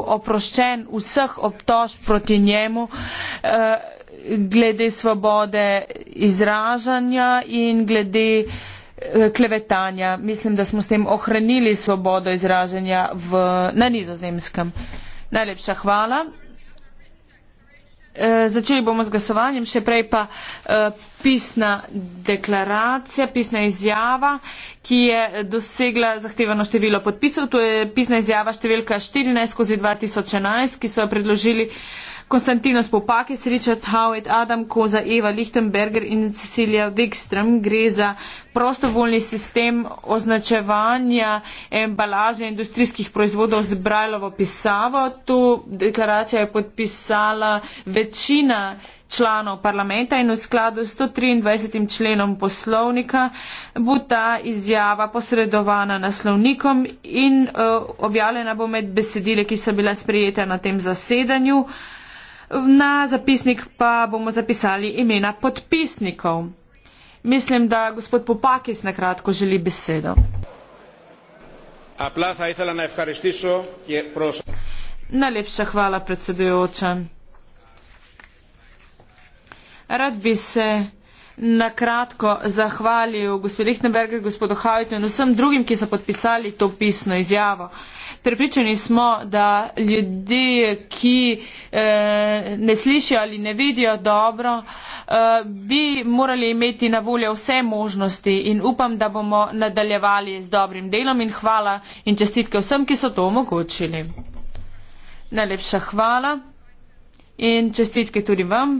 oproščen vseh obtož proti njemu eh, glede svobode izražanja in glede eh, klevetanja. Mislim, da smo s tem ohranili svobodo izražanja v, na nizozemskem. Najlepša hvala. Eh, začeli bomo z glasovanjem, še prej pa eh, pisna deklaracija, pisna izjava, ki je dosegla zahtevano število podpisov. To je pisna izjava številka 14 skozi 2011, ki so jo predložili. Konstantinos Popakis, Richard Howitt, Adam Koza, Eva Lichtenberger in Cecilia Wikström. Gre za prostovoljni sistem označevanja embalaže industrijskih proizvodov z Brajlovo pisavo. To deklaracijo je podpisala večina članov parlamenta in v skladu s 123. členom poslovnika bo ta izjava posredovana naslovnikom in uh, objavljena bo med besedile, ki so bile sprejete na tem zasedanju. Uh, na zapisnik pa bomo zapisali imena podpisnikov. Mislim, da gospod Popakis na kratko želi besedo. Najlepša hvala, predsedujoča. Rad bi se na kratko zahvalil gospod Lichtenberger, gospodu Havitu in vsem drugim, ki so podpisali to pisno izjavo. Pripričani smo, da ljudje, ki eh, ne slišijo ali ne vidijo dobro, eh, bi morali imeti na voljo vse možnosti in upam, da bomo nadaljevali z dobrim delom in hvala in čestitke vsem, ki so to omogočili. Najlepša hvala in čestitke tudi vam.